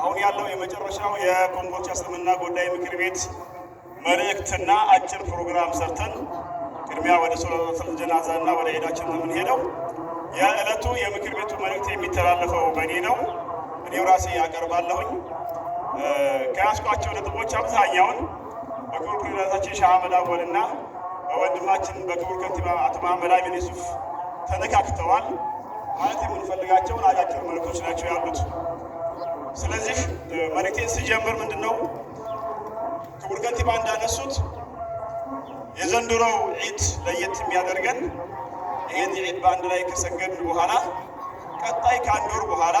አሁን ያለው የመጨረሻው የኮምቦልቻ እስልምና ጉዳይ ምክር ቤት መልእክትና አጭር ፕሮግራም ሰርተን ቅድሚያ ወደ ሶላተል ጀናዛ እና ወደ ሄዳችን የምንሄደው የዕለቱ የምክር ቤቱ መልእክት የሚተላለፈው በእኔ ነው። እኔው ራሴ ያቀርባለሁኝ። ከያስኳቸው ነጥቦች አብዛኛውን በክቡር ፕሬዝዳንታችን ሻህ አህመድ አወል እና በወንድማችን በክቡር ከንቲባ አቶ መሐመድ አሚን ዩሱፍ ተነካክተዋል። ማለት የምንፈልጋቸውን አጫጭር መልእክቶች ናቸው ያሉት። ስለዚህ መልእክቴን ስጀምር ምንድን ነው ክቡር ከንቲባ እንዳነሱት የዘንድሮው ዒድ ለየት የሚያደርገን ይህን ዒድ በአንድ ላይ ከሰገድን በኋላ ቀጣይ ከአንድ ወር በኋላ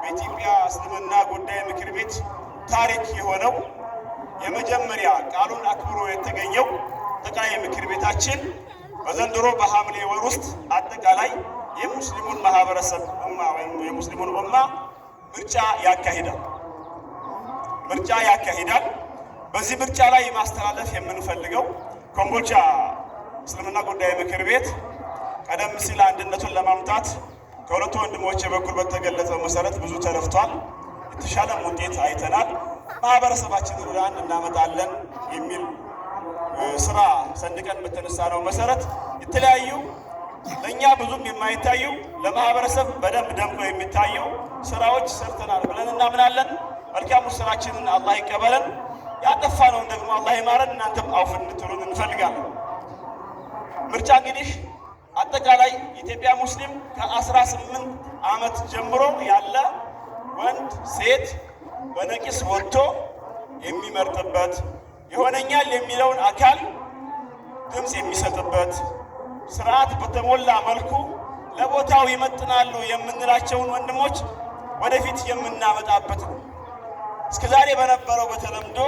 በኢትዮጵያ እስልምና ጉዳይ ምክር ቤት ታሪክ የሆነው የመጀመሪያ ቃሉን አክብሮ የተገኘው ጠቅላይ ምክር ቤታችን በዘንድሮ በሐምሌ ወር ውስጥ አጠቃላይ የሙስሊሙን ማህበረሰብ ወይም የሙስሊሙን ኡማ ምርጫ ያካሂዳል ምርጫ ያካሂዳል። በዚህ ምርጫ ላይ ማስተላለፍ የምንፈልገው ኮምቦልቻ እስልምና ጉዳይ ምክር ቤት ቀደም ሲል አንድነቱን ለማምጣት ከሁለቱ ወንድሞች በኩል በተገለጸው መሰረት ብዙ ተረፍቷል። የተሻለም ውጤት አይተናል። ማህበረሰባችንን ወደ አንድ እናመጣለን የሚል ስራ ሰንድቀን በተነሳ ነው መሰረት የተለያዩ ለእኛ ብዙም የማይታዩ ለማህበረሰብ በደንብ ደምቆ የሚታዩ ስራዎች ሰርተናል ብለን እናምናለን። መልካሙ ስራችንን አላህ ይቀበለን፣ ያጠፋነውን ደግሞ አላህ ይማረን። እናንተም አውፍ እንድትሉን እንፈልጋለን። ምርጫ እንግዲህ አጠቃላይ ኢትዮጵያ ሙስሊም ከ18 ዓመት ጀምሮ ያለ ወንድ ሴት በነቂስ ወጥቶ የሚመርጥበት ይሆነኛል የሚለውን አካል ድምፅ የሚሰጥበት ስርዓት በተሞላ መልኩ ለቦታው ይመጥናሉ የምንላቸውን ወንድሞች ወደፊት የምናመጣበት ነው። እስከዛሬ በነበረው በተለምዶ